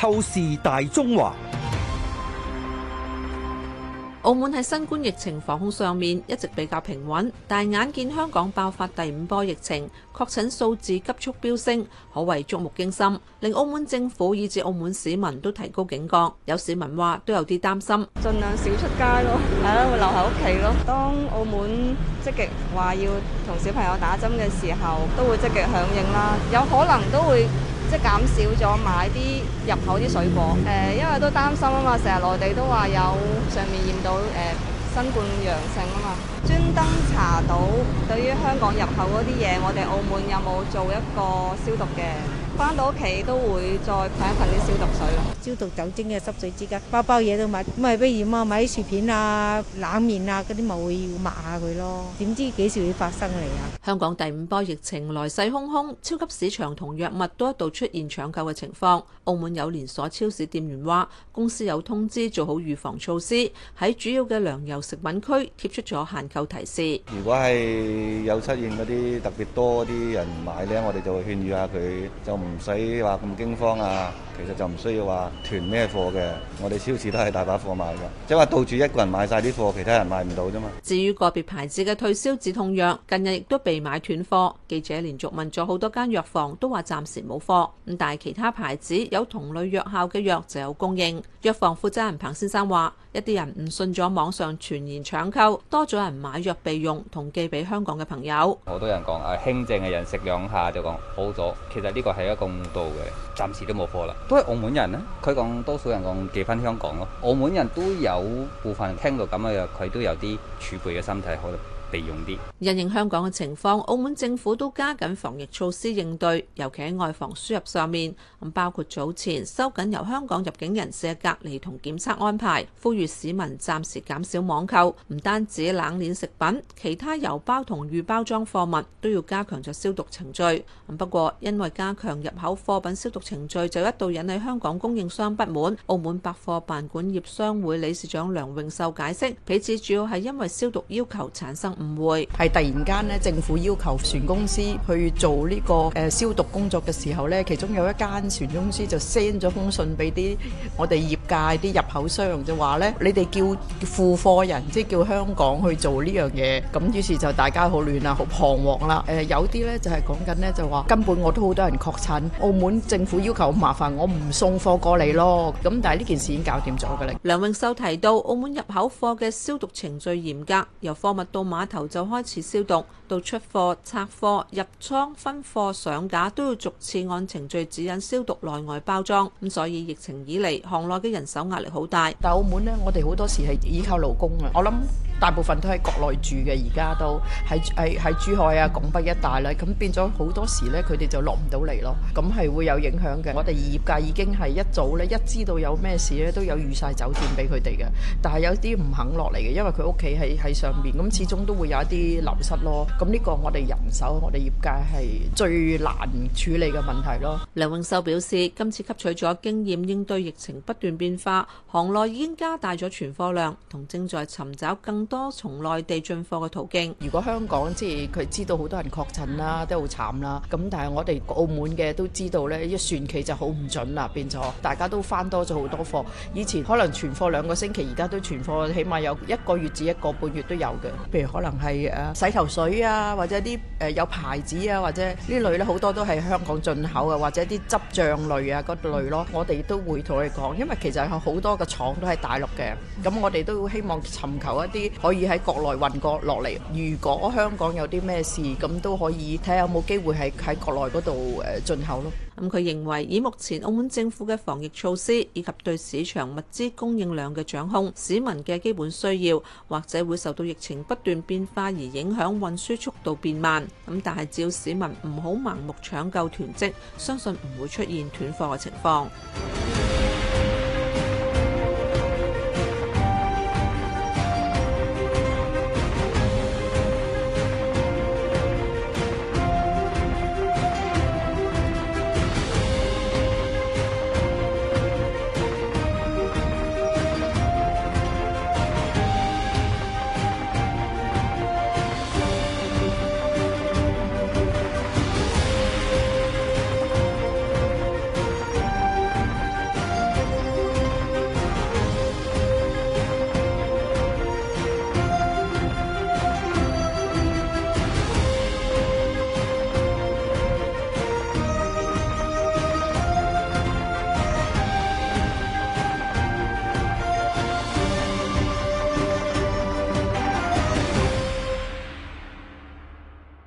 透視大中華，澳門喺新冠疫情防控上面一直比較平穩，但係眼見香港爆發第五波疫情，確診數字急速飆升，可謂觸目驚心，令澳門政府以至澳門市民都提高警覺。有市民話都有啲擔心，盡量少出街咯，係咯，會留喺屋企咯。當澳門積極話要同小朋友打針嘅時候，都會積極響應啦，有可能都會。即係減少咗買啲入口啲水果，誒、呃，因為都擔心啊嘛，成日內地都話有上面驗到誒、呃、新冠陽性啊嘛，專登查到對於香港入口嗰啲嘢，我哋澳門有冇做一個消毒嘅？翻到屋企都會再噴一噴啲消毒水咯，消毒酒精嘅濕水紙巾，包包嘢都買，唔係不染啊，買啲薯片啊、冷麵啊嗰啲咪會要抹下佢咯。點知幾時會發生嚟啊？香港第五波疫情來勢洶洶，超級市場同藥物都一度出現搶購嘅情況。澳門有連鎖超市店員話，公司有通知做好預防措施，喺主要嘅糧油食品區貼出咗限購提示。如果係有出現嗰啲特別多啲人買呢，我哋就會勸喻下佢就唔唔使話咁驚慌啊！其實就唔需要話囤咩貨嘅。我哋超市都係大把貨賣嘅，即係話到處一個人買晒啲貨，其他人買唔到啫嘛。至於個別牌子嘅退燒止痛藥，近日亦都被買斷貨。記者連續問咗好多間藥房，都話暫時冇貨。咁但係其他牌子有同類藥效嘅藥就有供應。藥房負責人彭先生話，一啲人唔信咗網上傳言搶購，多咗人買藥備用同寄俾香港嘅朋友。好多人講誒輕症嘅人食兩下就講好咗，其實呢個係一個。咁多嘅，暫時都冇貨啦。都係澳門人咧，佢講多數人講寄翻香港咯。澳門人都有部分聽到咁嘅，佢都有啲儲備嘅心態，可能。因應香港嘅情況，澳門政府都加緊防疫措施應對，尤其喺外防輸入上面。咁包括早前收緊由香港入境人士嘅隔離同檢測安排，呼籲市民暫時減少網購。唔單止冷鏈食品，其他郵包同預包裝貨物都要加強咗消毒程序。咁不過因為加強入口貨品消毒程序，就一度引起香港供應商不滿。澳門百貨辦館業商會理事長梁穎秀解釋，彼此主要係因為消毒要求產生。唔會係突然間咧，政府要求船公司去做呢個誒消毒工作嘅時候呢，其中有一間船公司就 send 咗封信俾啲我哋業界啲入口商就說，就話呢你哋叫付貨人，即係叫香港去做呢樣嘢。咁於是就大家好亂啦，好彷徨啦。誒有啲呢就係講緊呢，就話根本我都好多人確診，澳門政府要求麻煩我唔送貨過嚟咯。咁但係呢件事已經搞掂咗㗎啦。梁穎秀提到澳門入口貨嘅消毒程序嚴格，由貨物到碼頭就開始消毒，到出貨、拆貨、入倉、分貨、上架，都要逐次按程序指引消毒內外包裝。咁所以疫情以嚟，行內嘅人手壓力好大。但澳門呢，我哋好多時係依靠勞工啊。我諗。大部分都喺國內住嘅，而家都喺喺喺珠海啊、拱北一帶啦，咁變咗好多時咧，佢哋就落唔到嚟咯，咁係會有影響嘅。我哋業界已經係一早咧，一知道有咩事咧，都有預晒酒店俾佢哋嘅，但係有啲唔肯落嚟嘅，因為佢屋企喺喺上邊，咁始終都會有一啲流失咯。咁呢個我哋人手，我哋業界係最難處理嘅問題咯。梁穎秀表示，今次吸取咗經驗，應對疫情不斷變化，行內已經加大咗存貨量，同正在尋找更多從內地進貨嘅途徑。如果香港即係佢知道好多人確診啦，都好慘啦。咁但係我哋澳門嘅都知道呢一船期就好唔準啦，變咗大家都翻多咗好多貨。以前可能存貨兩個星期，而家都存貨，起碼有一個月至一個半月都有嘅。譬如可能係誒洗頭水啊，或者啲誒有牌子啊，或者呢類咧好多都係香港進口嘅啊，或者啲汁醬類啊嗰類咯。我哋都會同佢講，因為其實好多嘅廠都係大陸嘅，咁我哋都希望尋求一啲。可以喺國內運過落嚟。如果香港有啲咩事，咁都可以睇下有冇機會喺喺國內嗰度誒進口咯。咁佢認為，以目前澳門政府嘅防疫措施以及對市場物資供應量嘅掌控，市民嘅基本需要或者會受到疫情不斷變化而影響運輸速度變慢。咁但係只要市民唔好盲目搶購囤積，相信唔會出現斷貨嘅情況。